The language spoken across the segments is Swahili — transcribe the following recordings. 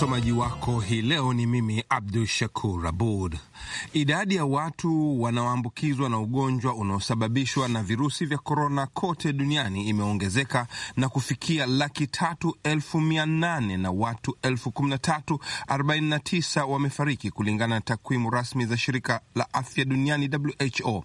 Msomaji wako hii leo ni mimi Abdu Shakur Abud. Idadi ya watu wanaoambukizwa na ugonjwa unaosababishwa na virusi vya korona kote duniani imeongezeka na kufikia laki tatu elfu mia nane na watu elfu kumi na tatu arobaini na tisa wamefariki kulingana na takwimu rasmi za shirika la afya duniani WHO.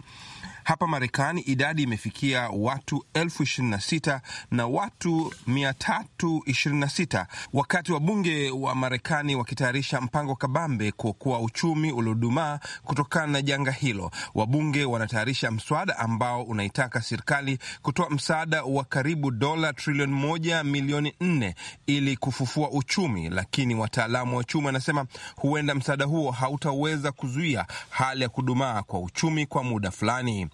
Hapa Marekani idadi imefikia watu elfu ishirini na sita na watu mia tatu ishirini na sita wakati wabunge wa Marekani wakitayarisha mpango kabambe kuokoa uchumi uliodumaa kutokana na janga hilo. Wabunge wanatayarisha mswada ambao unaitaka serikali kutoa msaada wa karibu dola trilioni moja milioni nne ili kufufua uchumi, lakini wataalamu wa uchumi wanasema huenda msaada huo hautaweza kuzuia hali ya kudumaa kwa uchumi kwa muda fulani.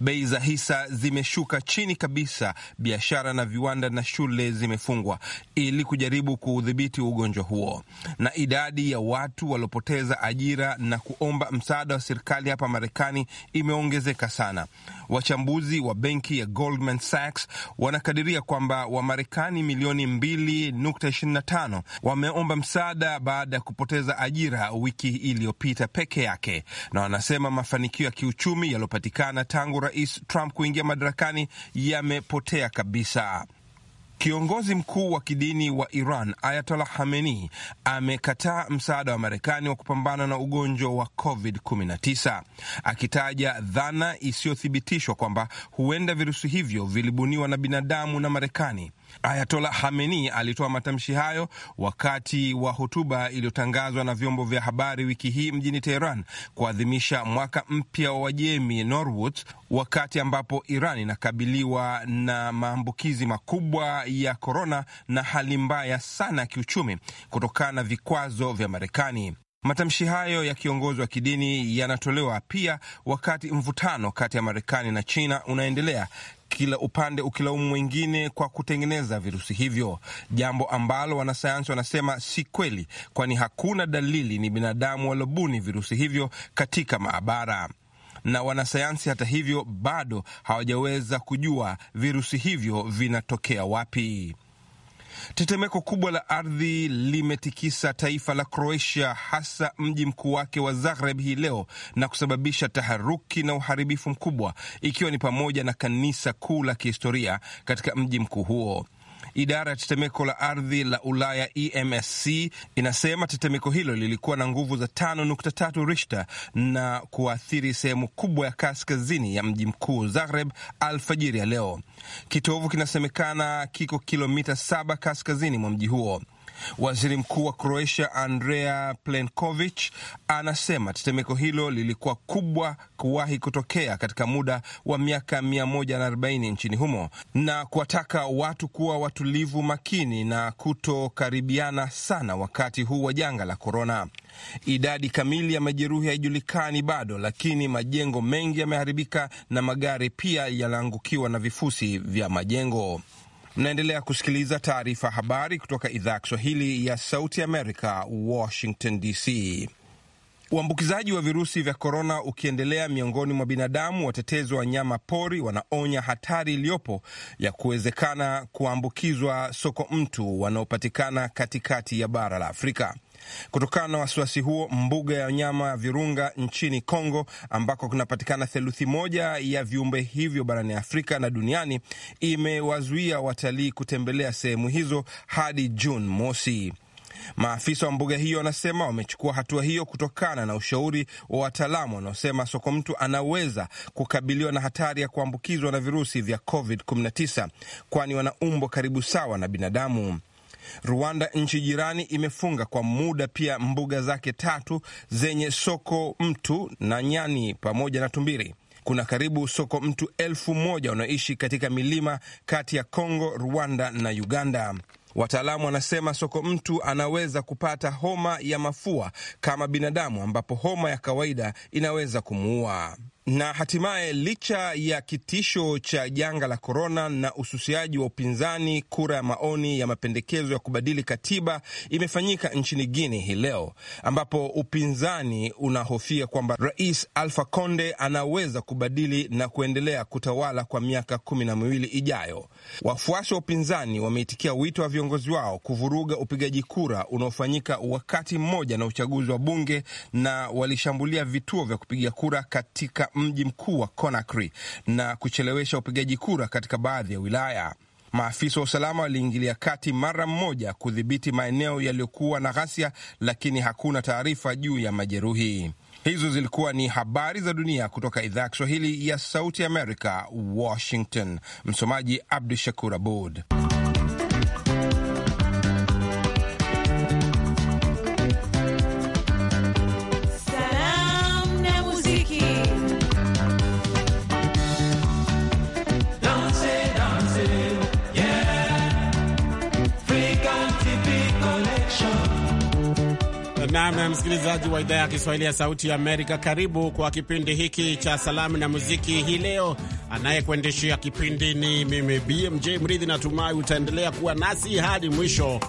Bei za hisa zimeshuka chini kabisa, biashara na viwanda na shule zimefungwa ili kujaribu kuudhibiti ugonjwa huo. Na idadi ya watu waliopoteza ajira na kuomba msaada wa serikali hapa Marekani imeongezeka sana. Wachambuzi wa benki ya Goldman Sachs wanakadiria kwamba Wamarekani milioni 2.25 wameomba msaada baada ya kupoteza ajira wiki iliyopita peke yake, na wanasema mafanikio ya kiuchumi yaliyopatikana tangu Rais Trump kuingia madarakani yamepotea kabisa. Kiongozi mkuu wa kidini wa Iran Ayatollah Khamenei amekataa msaada wa Marekani wa kupambana na ugonjwa wa COVID-19 akitaja dhana isiyothibitishwa kwamba huenda virusi hivyo vilibuniwa na binadamu na Marekani Ayatola Hameni alitoa matamshi hayo wakati wa hotuba iliyotangazwa na vyombo vya habari wiki hii mjini Teheran kuadhimisha mwaka mpya wa Wajemi Norwood, wakati ambapo Iran inakabiliwa na maambukizi makubwa ya korona na hali mbaya sana ya kiuchumi kutokana na vikwazo vya Marekani. Matamshi hayo ya kiongozi wa kidini yanatolewa pia wakati mvutano kati ya Marekani na China unaendelea, kila upande ukilaumu mwingine kwa kutengeneza virusi hivyo, jambo ambalo wanasayansi wanasema si kweli, kwani hakuna dalili ni binadamu waliobuni virusi hivyo katika maabara na wanasayansi hata hivyo bado hawajaweza kujua virusi hivyo vinatokea wapi. Tetemeko kubwa la ardhi limetikisa taifa la Kroatia, hasa mji mkuu wake wa Zagreb hii leo na kusababisha taharuki na uharibifu mkubwa, ikiwa ni pamoja na kanisa kuu la kihistoria katika mji mkuu huo. Idara ya tetemeko la ardhi la Ulaya EMSC inasema tetemeko hilo lilikuwa na nguvu za tano nukta tatu Richter na kuathiri sehemu kubwa ya kaskazini ya mji mkuu Zagreb alfajiri ya leo. Kitovu kinasemekana kiko kilomita saba kaskazini mwa mji huo. Waziri mkuu wa Croatia Andrea plenkovich anasema tetemeko hilo lilikuwa kubwa kuwahi kutokea katika muda wa miaka 140 nchini humo na kuwataka watu kuwa watulivu, makini na kutokaribiana sana wakati huu wa janga la korona. Idadi kamili ya majeruhi haijulikani bado, lakini majengo mengi yameharibika na magari pia yanaangukiwa na vifusi vya majengo. Mnaendelea kusikiliza taarifa habari kutoka idhaa ya Kiswahili ya Sauti Amerika, Washington DC. Uambukizaji wa virusi vya korona ukiendelea miongoni mwa binadamu, watetezi wa wanyama pori wanaonya hatari iliyopo ya kuwezekana kuambukizwa soko mtu wanaopatikana katikati ya bara la Afrika. Kutokana na wasiwasi huo, mbuga ya wanyama ya Virunga nchini Kongo, ambako kunapatikana theluthi moja ya viumbe hivyo barani Afrika na duniani, imewazuia watalii kutembelea sehemu hizo hadi Juni mosi. Maafisa wa mbuga hiyo wanasema wamechukua hatua hiyo kutokana na ushauri wa wataalamu wanaosema soko mtu anaweza kukabiliwa na hatari ya kuambukizwa na virusi vya COVID-19 kwani wana umbo karibu sawa na binadamu. Rwanda, nchi jirani, imefunga kwa muda pia mbuga zake tatu zenye soko mtu na nyani pamoja na tumbiri. Kuna karibu soko mtu elfu moja wanaoishi katika milima kati ya Kongo, Rwanda na Uganda. Wataalamu wanasema soko mtu anaweza kupata homa ya mafua kama binadamu, ambapo homa ya kawaida inaweza kumuua. Na hatimaye licha ya kitisho cha janga la korona na ususiaji wa upinzani, kura ya maoni ya mapendekezo ya kubadili katiba imefanyika nchini Guinea hii leo, ambapo upinzani unahofia kwamba Rais Alpha Conde anaweza kubadili na kuendelea kutawala kwa miaka kumi na miwili ijayo. Wafuasi wa upinzani wameitikia wito wa viongozi wao kuvuruga upigaji kura unaofanyika wakati mmoja na uchaguzi wa bunge, na walishambulia vituo vya kupiga kura katika mji mkuu wa Conakry na kuchelewesha upigaji kura katika baadhi ya wilaya. Maafisa wa usalama waliingilia kati mara mmoja kudhibiti maeneo yaliyokuwa na ghasia, lakini hakuna taarifa juu ya majeruhi. Hizo zilikuwa ni habari za dunia kutoka idhaa ya Kiswahili ya Sauti Amerika, Washington. Msomaji Abdu Shakur Abud. Naam, msikilizaji wa idhaa ya Kiswahili ya Sauti ya Amerika, karibu kwa kipindi hiki cha salamu na muziki hii leo. Anayekuendeshea kipindi ni mimi BMJ Mridhi. Natumai utaendelea kuwa nasi hadi mwisho.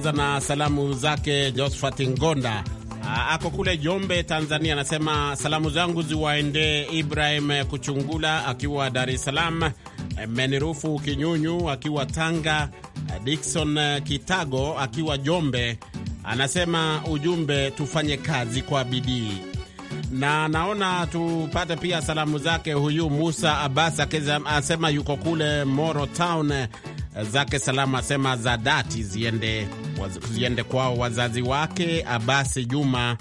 tunaanza na salamu zake Josphat Ngonda, ako kule Jombe, Tanzania. Anasema salamu zangu ziwaendee Ibrahim Kuchungula akiwa Dar es Salaam, Menirufu Kinyunyu akiwa Tanga, Dikson Kitago akiwa Jombe. Anasema ujumbe, tufanye kazi kwa bidii. Na naona tupate pia salamu zake huyu Musa Abbas, asema yuko kule Moro Town, zake salamu asema za dhati ziende ziende kwao wazazi wake Abasi Juma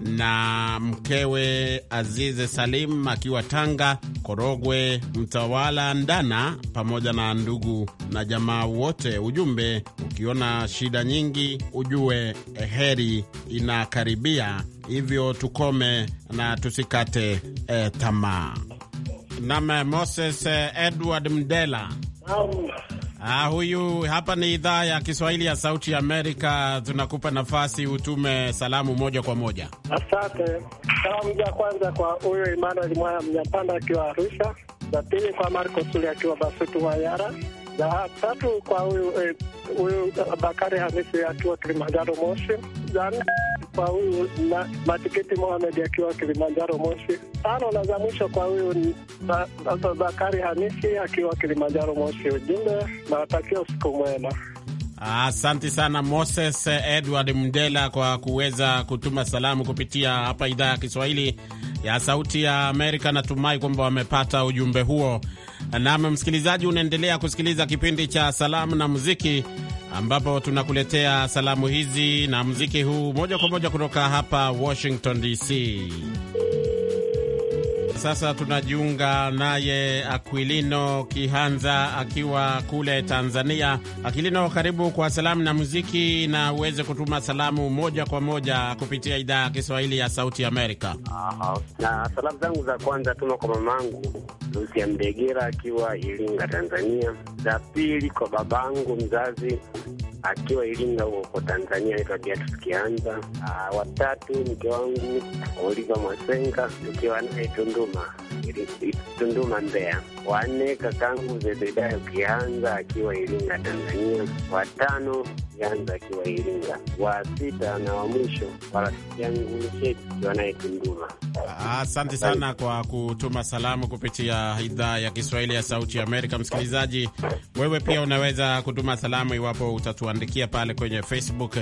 na mkewe Azize Salim akiwa Tanga, Korogwe, Mtawala, Ndana, pamoja na ndugu na jamaa wote. Ujumbe ukiona shida nyingi ujue eh, heri inakaribia, hivyo tukome na tusikate e, tamaa. Nam Moses eh, Edward Mdela Ah, huyu hapa ni idhaa ya Kiswahili ya Sauti ya Amerika. Tunakupa nafasi utume salamu moja kwa moja. Asante. Salamu za kwanza kwa huyu Emmanuel Mwaya Mnyapanda akiwa Arusha, za pili kwa Marco Sule akiwa Basutu Wayara, za tatu kwa huyu eh, Bakari Hamisi akiwa Kilimanjaro Moshi, za nne kwa huyu matiketi Mohamed akiwa Kilimanjaro Moshi, tano na za mwisho kwa huyu sasa Zakari akiwa Kilimanjaro Moshi. Ujumbe nawatakia usiku mwema. Asante sana Moses Edward Mndela kwa kuweza kutuma salamu kupitia hapa idhaa ya Kiswahili ya Sauti ya Amerika. Natumai kwamba wamepata ujumbe huo. Nam msikilizaji, unaendelea kusikiliza kipindi cha Salamu na Muziki, ambapo tunakuletea salamu hizi na muziki huu moja kwa moja kutoka hapa Washington DC. Sasa tunajiunga naye Aquilino Kihanza akiwa kule Tanzania. Aquilino, karibu kwa salamu na muziki, na uweze kutuma salamu moja kwa moja kupitia idhaa ya Kiswahili ya Sauti Amerika. Na salamu zangu za kwanza tuma kwa mamangu Lucia Mdegera akiwa Iringa, Tanzania. Za pili kwa babangu mzazi akiwa Iringa huko kwa Tanzania, naitwa Beatrice Kianza. Ah, watatu mke wangu Oliva Mwasenga, tukiwa naye Tunduma Tunduma Mbeya. Wanne kakangu Zebedayo Kianza akiwa Iringa Tanzania. Watano alianza akiwa Iringa, wa sita na wa mwisho kwa rafiki yangu akiwa naye Tunduma. Asante sana kwa kutuma salamu kupitia idhaa ya Kiswahili ya Sauti ya Amerika. Msikilizaji, wewe pia unaweza kutuma salamu iwapo utatuandikia pale kwenye Facebook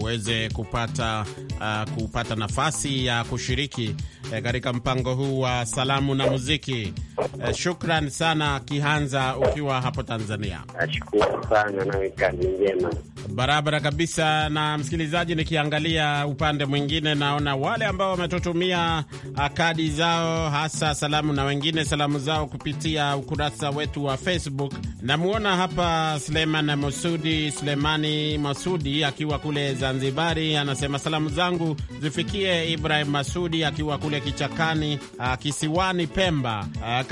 uweze kupata uh, kupata nafasi ya uh, kushiriki eh, katika mpango huu wa salamu na muziki. Uh, shukran sana Kihanza, ukiwa hapo Tanzania. Nashukuru sana na njema. Barabara kabisa. Na msikilizaji, nikiangalia upande mwingine, naona wale ambao wametutumia ah, kadi zao, hasa salamu na wengine salamu zao kupitia ukurasa wetu wa Facebook. Namwona hapa Suleiman Masudi, Sulemani Masudi akiwa kule Zanzibari, anasema salamu zangu zifikie Ibrahim Masudi akiwa kule kichakani, ah, kisiwani Pemba, ah,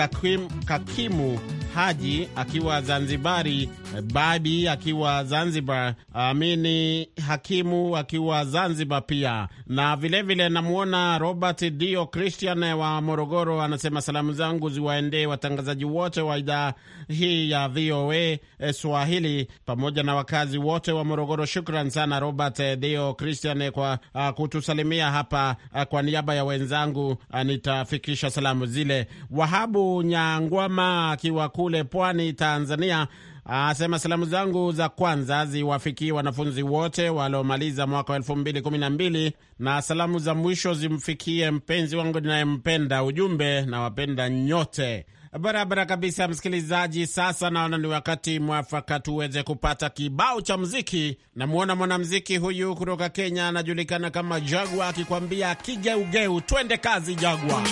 Kakimu Haji akiwa Zanzibari, Babi akiwa Zanzibar Amini Hakimu akiwa Zanzibar pia na vilevile, namwona Robert Dio Christian wa Morogoro, anasema salamu zangu ziwaendee watangazaji wote wa idhaa hii ya VOA eh, Swahili pamoja na wakazi wote wa Morogoro. Shukran sana Robert eh, Dio Christian eh, kwa uh, kutusalimia hapa uh, kwa niaba ya wenzangu uh, nitafikisha salamu zile. Wahabu Nyangwama akiwa kule Pwani, Tanzania asema salamu zangu za kwanza ziwafikie wanafunzi wote waliomaliza mwaka wa elfu mbili kumi na mbili na salamu za mwisho zimfikie mpenzi wangu ninayempenda. Ujumbe, nawapenda nyote. Barabara kabisa, msikilizaji. Sasa naona ni wakati mwafaka tuweze kupata kibao cha mziki. Namwona mwanamziki huyu kutoka Kenya, anajulikana kama Jagwa akikwambia kigeugeu. Twende kazi, Jagwa.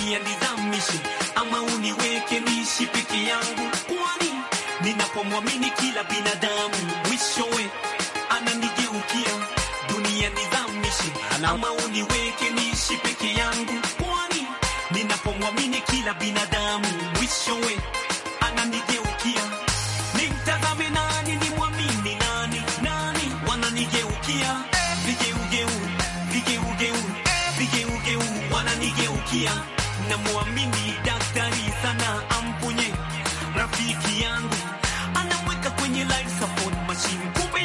ama uniweke peke yangu kwani ninapomwamini kila binadamu mwishowe ananigeukia dunia nizamishe ama uniweke niishi peke yangu kwani ninapomwamini kila binadamu mwishowe ananigeukia nimtazame nani nimwamini nani nani wananigeukia vigeugeu vigeugeu vigeugeu wananigeukia namwamini daktari sana kikiyangu anamweka kwenye life support machine kumbe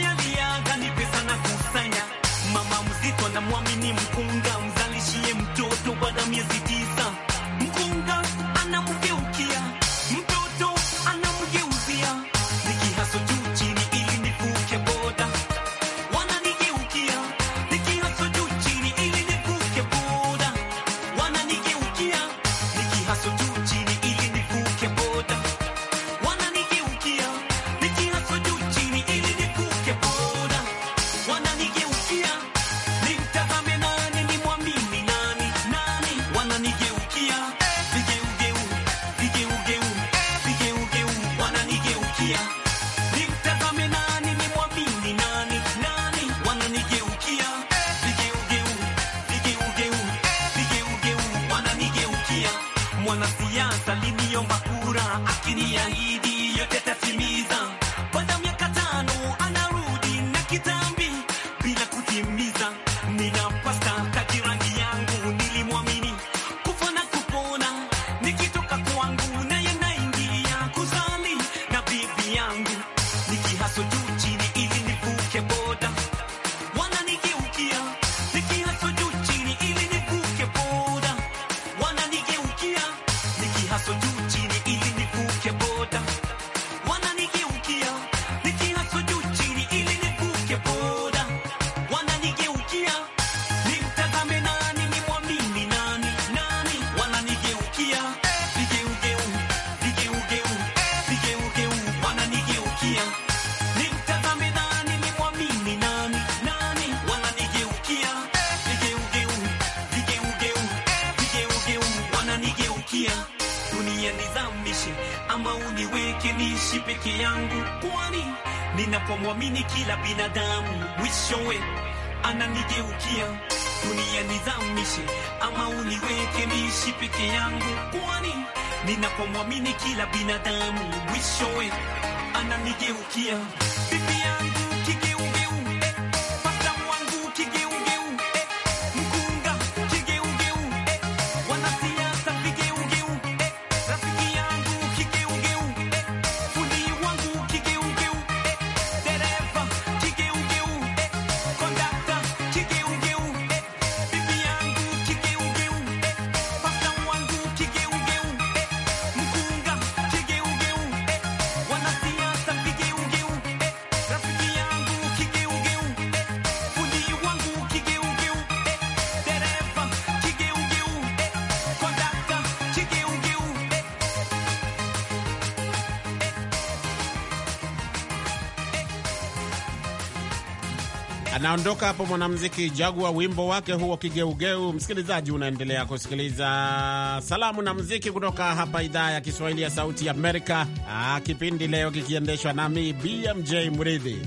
kuishi peke yangu, kwani ninapomwamini kila binadamu mwishowe ananigeukia. Dunia nizamishe ama uniweke niishi peke yangu, kwani ninapomwamini kila binadamu mwishowe ananigeukia. Anaondoka hapo mwanamuziki Jagua, wimbo wake huo Kigeugeu. Msikilizaji, unaendelea kusikiliza salamu na muziki kutoka hapa idhaa ya Kiswahili ya Sauti ya Amerika, ah, kipindi leo kikiendeshwa nami BMJ Mridhi.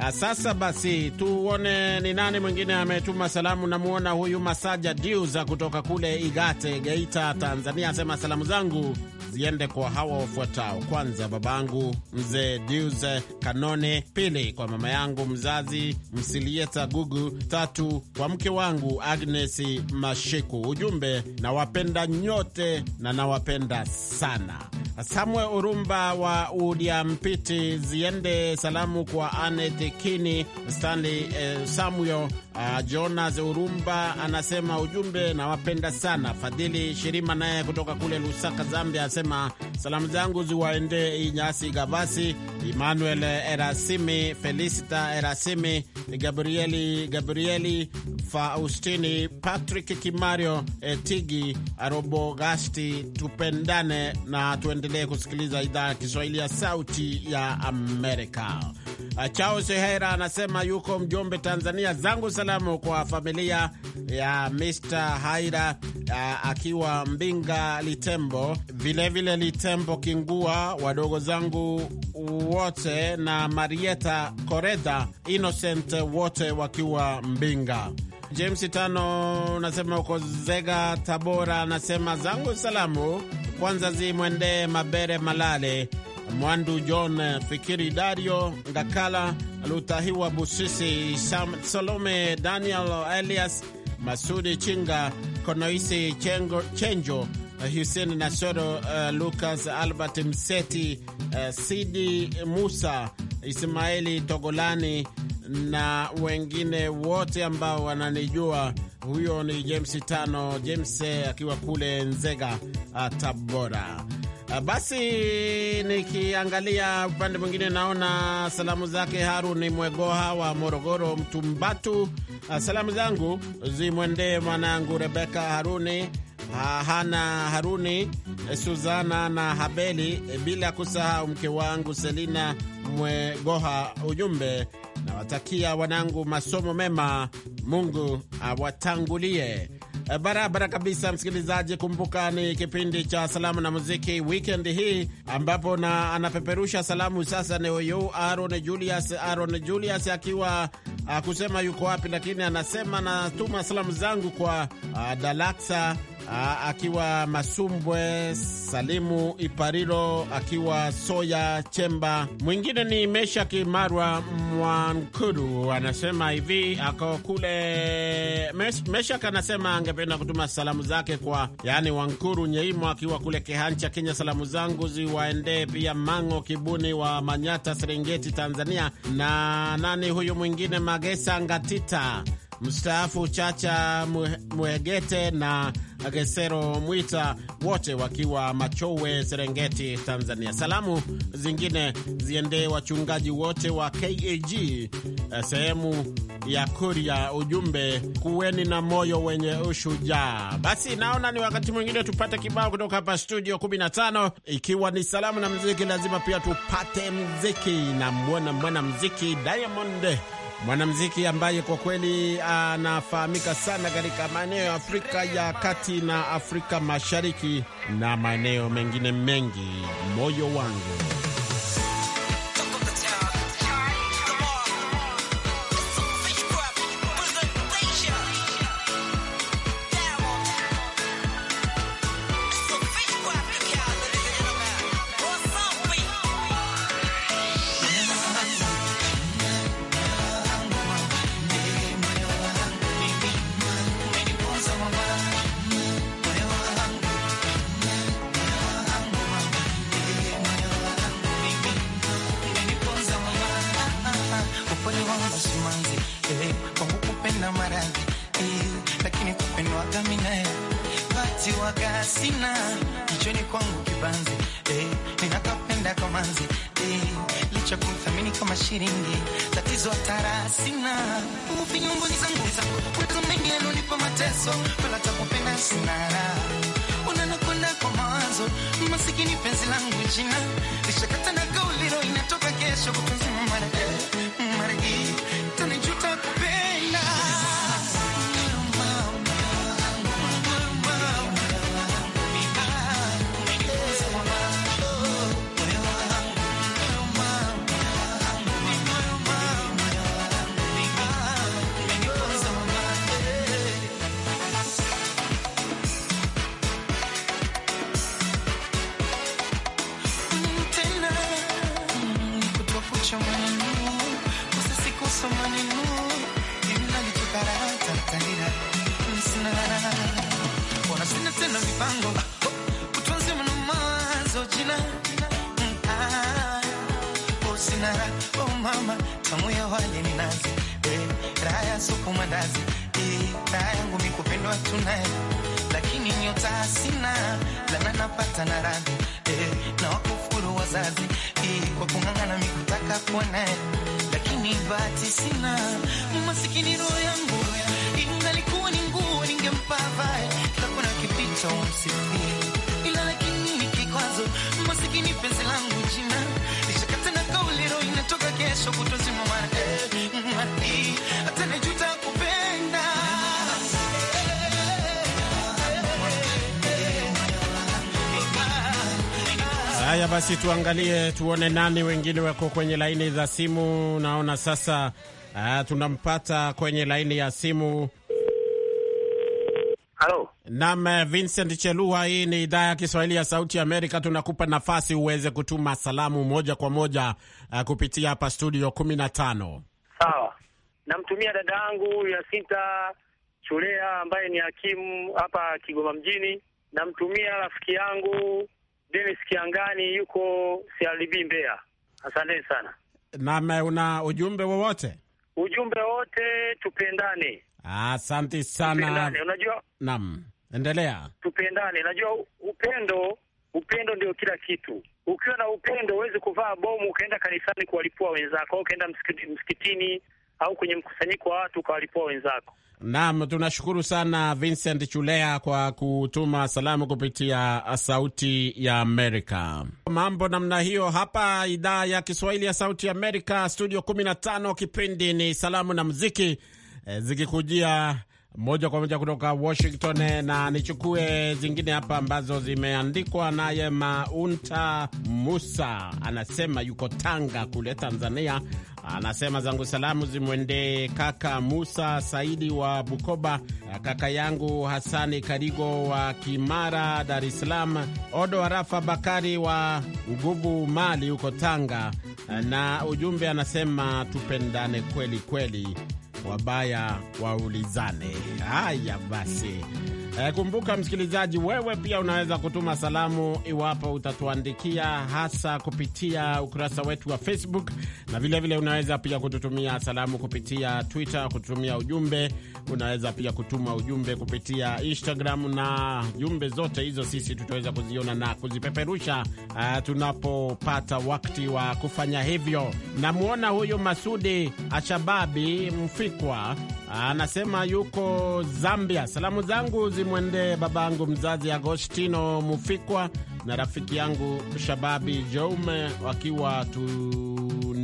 Ah, sasa basi tuone ni nani mwingine ametuma salamu. namuona huyu Masaja Diuza kutoka kule Igate, Geita, Tanzania, asema salamu zangu ziende kwa hawa wafuatao: kwanza, babangu mzee Diuze Kanone; pili, kwa mama yangu mzazi Msilieta Gugu; tatu, kwa mke wangu Agnes Mashiku. Ujumbe, nawapenda nyote na nawapenda sana. Samuel Urumba wa Udiampiti, ziende salamu kwa Anet Kini, Stanley eh, Samuel Uh, Jonas Urumba anasema ujumbe nawapenda sana. Fadhili Shirima naye kutoka kule Lusaka, Zambia asema salamu zangu ziwaende Inyasi Gabasi, Emmanuel Erasimi, Felicita Erasimi, Gabrieli Gabrieli, Faustini, Patrick Kimario, Etigi Arobogasti, tupendane na tuende unaendelea kusikiliza idhaa ya Kiswahili ya Sauti ya Amerika. Ah, Chao Sehera anasema yuko Mjombe, Tanzania. Zangu salamu kwa familia ya Mr Haira ah, akiwa Mbinga Litembo, vilevile vile Litembo Kingua, wadogo zangu wote na Marieta Koreda Innocent wote wakiwa Mbinga. James Tano nasema uko Zega, Tabora, anasema zangu salamu kwanza zimwendee Mabere Malale, Mwandu John, Fikiri Dario, Ngakala Lutahiwa, Busisi Sam, Salome Daniel, Elias Masudi Chinga, Konoisi Chengo, Chenjo, husen Nasoro, uh, Lucas Albert Mseti, uh, Sidi Musa, ismaeli Togolani na wengine wote ambao wananijua. Huyo ni James Tano, James akiwa kule Nzega, uh, Tabora. Uh, basi nikiangalia upande mwingine, naona salamu zake Haruni Mwegoha wa Morogoro, Mtumbatu. Uh, salamu zangu zimwendee mwanangu Rebeka Haruni, Hana Haruni, Suzana na Habeli, bila kusahau mke wangu Selina Mwegoha. Ujumbe Nawatakia wanangu masomo mema, Mungu awatangulie e, barabara kabisa. Msikilizaji, kumbuka ni kipindi cha salamu na muziki wikendi hii, ambapo na anapeperusha salamu sasa ni huyu Aaron Julius. Aaron Julius akiwa kusema yuko wapi, lakini anasema natuma salamu zangu kwa Dalaksa Ah, akiwa Masumbwe, Salimu Iparilo akiwa Soya Chemba. Mwingine ni Meshaki Marwa Mwankuru, anasema hivi, ako kule Meshak. Anasema angependa kutuma salamu zake kwa yani Wankuru Nyeimo akiwa kule Kehancha, Kenya. Salamu zangu ziwaendee pia Mango Kibuni wa Manyata, Serengeti, Tanzania, na nani huyu mwingine Magesa Ngatita mstaafu Chacha mwegete na Gesero Mwita, wote wakiwa Machowe, Serengeti, Tanzania. Salamu zingine ziendee wachungaji wote wa KAG eh, sehemu ya Kuria. Ujumbe, kuweni na moyo wenye ushujaa. Basi naona ni wakati mwingine tupate kibao kutoka hapa studio 15. Ikiwa ni salamu na mziki, lazima pia tupate mziki na mwana mziki Diamond mwanamuziki ambaye kwa kweli anafahamika sana katika maeneo ya Afrika ya Kati na Afrika Mashariki na maeneo mengine mengi. Moyo wangu waga sina kichwani kwangu kibanzi eh, ninakapenda kwa manzi eh, licha kumthamini kama shilingi tatizo hatara sina upi nyumboni zangu zangu mengi yanonipa mateso wala takupenda sina unanakwenda kwa mawazo masikini penzi langu jina lishakata na gauliro inatoka kesho kutunzima maragi maragi kesho kupenda haya. Basi tuangalie tuone nani wengine wako kwenye laini za simu. Naona sasa uh, tunampata kwenye laini ya simu. Halo. Nam eh, Vincent Chelua, hii ni idhaa ya Kiswahili ya Sauti ya Amerika. Tunakupa nafasi uweze kutuma salamu moja kwa moja uh, kupitia hapa studio kumi na tano. Sawa, namtumia dada yangu ya sita Chulea ambaye ni hakimu hapa Kigoma mjini. Namtumia rafiki yangu Denis Kiangani yuko CRDB Mbeya. Asanteni sana. Nam, eh, una ujumbe wowote? Ujumbe wote, tupendane. Asante sana. Tupendane. Unajua, naam Endelea. Tupendane, najua upendo, upendo ndio kila kitu. Ukiwa na upendo huwezi kuvaa bomu ukaenda kanisani kuwalipua wenzako, au ukaenda msikitini au kwenye mkusanyiko wa watu ukawalipua wenzako. Naam, tunashukuru sana Vincent Chulea kwa kutuma salamu kupitia Sauti ya Amerika. Mambo namna hiyo hapa idhaa ya Kiswahili ya Sauti ya Amerika, studio 15, kipindi ni Salamu na Muziki, eh, zikikujia moja kwa moja kutoka Washington, na nichukue zingine hapa ambazo zimeandikwa naye. Maunta Musa anasema yuko Tanga kule Tanzania, anasema zangu salamu zimwendee kaka Musa Saidi wa Bukoba, kaka yangu Hasani Karigo wa Kimara, Dar es Salaam, Odo Arafa Bakari wa Nguvu Mali huko Tanga, na ujumbe anasema tupendane kweli kweli wabaya waulizane. Haya basi. E, kumbuka msikilizaji, wewe pia unaweza kutuma salamu iwapo utatuandikia, hasa kupitia ukurasa wetu wa Facebook, na vilevile vile unaweza pia kututumia salamu kupitia Twitter, kututumia ujumbe. Unaweza pia kutuma ujumbe kupitia Instagram, na jumbe zote hizo sisi tutaweza kuziona na kuzipeperusha uh, tunapopata wakati wa kufanya hivyo. Namwona huyu Masudi Ashababi Mfikwa anasema yuko Zambia. Salamu zangu zimwendee babangu mzazi Agostino Mufikwa na rafiki yangu Shababi Joume wakiwa tu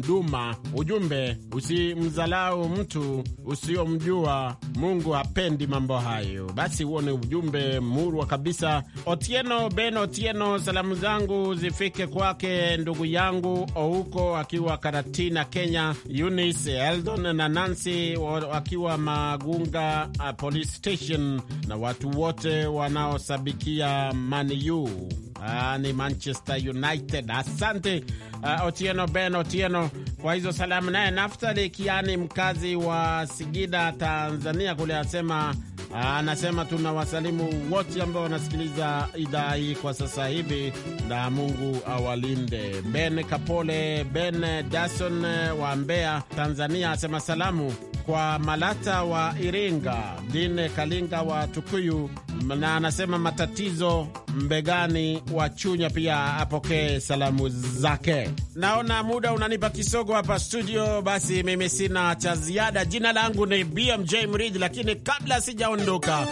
Mduma. Ujumbe, usimdhalau mtu usiomjua Mungu hapendi mambo hayo. Basi huo ni ujumbe murwa kabisa. Otieno Ben Otieno, salamu zangu zifike kwake ndugu yangu Ouko akiwa Karatina, Kenya, Eunice Eldon na Nancy wakiwa Magunga uh, Police Station na watu wote wanaosabikia Man U. Ah, ni Manchester United. Asante uh, Otieno Ben Otieno kwa hizo salamu. Naye Naftali Kiani, mkazi wa sigida Tanzania kule, asema anasema tuna wasalimu wote ambao wanasikiliza idhaa hii kwa sasa hivi, na Mungu awalinde. Ben Kapole Ben Dason wa Mbeya, Tanzania, asema salamu kwa Malata wa Iringa, Dine Kalinga wa Tukuyu, na anasema matatizo Mbegani wa Chunya pia apokee salamu zake. Naona muda unanipa kisogo hapa studio, basi mimi sina cha ziada. Jina langu ni BMJ Mridhi, lakini kabla sijaondoka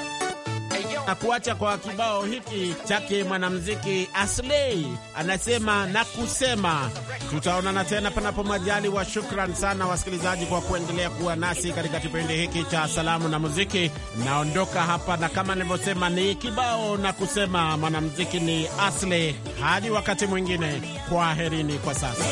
na kuacha kwa kibao hiki chake mwanamuziki Asley anasema na kusema. Tutaonana tena panapo wa Shukran sana wasikilizaji kwa kuendelea kuwa nasi katika kipindi hiki cha salamu na muziki. Naondoka hapa na kama nilivyosema, ni kibao na kusema. Mwanamuziki ni Asley. Hadi wakati mwingine, kwa herini kwa sasa.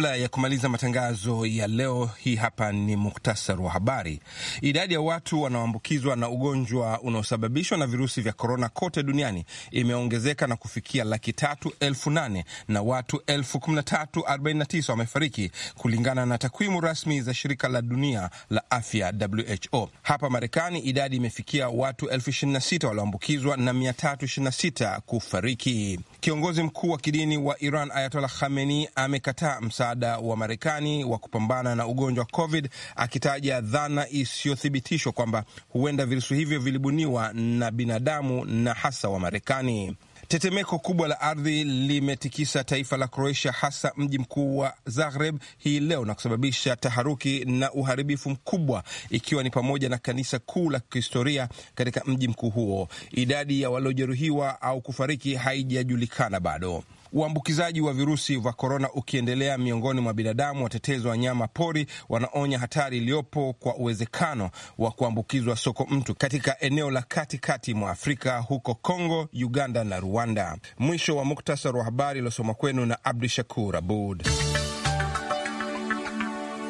Kabla ya kumaliza matangazo ya leo hii, hapa ni muktasar wa habari. Idadi ya watu wanaoambukizwa na ugonjwa unaosababishwa na virusi vya korona kote duniani imeongezeka na kufikia laki tatu elfu nane na watu elfu kumi na tatu arobaini na tisa wamefariki kulingana na takwimu rasmi za shirika la dunia la afya WHO. Hapa Marekani idadi imefikia watu elfu ishirini na sita walioambukizwa na mia tatu ishirini na sita kufariki. Kiongozi mkuu wa kidini wa Iran Ayatollah Khamenei amekataa msaada wa Marekani wa kupambana na ugonjwa wa COVID akitaja dhana isiyothibitishwa kwamba huenda virusi hivyo vilibuniwa na binadamu na hasa wa Marekani. Tetemeko kubwa la ardhi limetikisa taifa la Kroatia, hasa mji mkuu wa Zagreb hii leo na kusababisha taharuki na uharibifu mkubwa, ikiwa ni pamoja na kanisa kuu la kihistoria katika mji mkuu huo. Idadi ya waliojeruhiwa au kufariki haijajulikana bado. Uambukizaji wa virusi vya korona ukiendelea miongoni mwa binadamu, watetezi wa wanyama pori wanaonya hatari iliyopo kwa uwezekano wa kuambukizwa soko mtu katika eneo la katikati mwa Afrika, huko Kongo, Uganda na Rwanda. Mwisho wa muktasari wa habari iliosoma kwenu na Abdu Shakur Abud.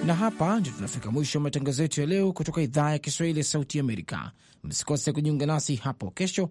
Na hapa ndio tunafika mwisho wa matangazo yetu ya leo kutoka idhaa ya Kiswahili ya Sauti Amerika. Msikose kujiunga nasi hapo kesho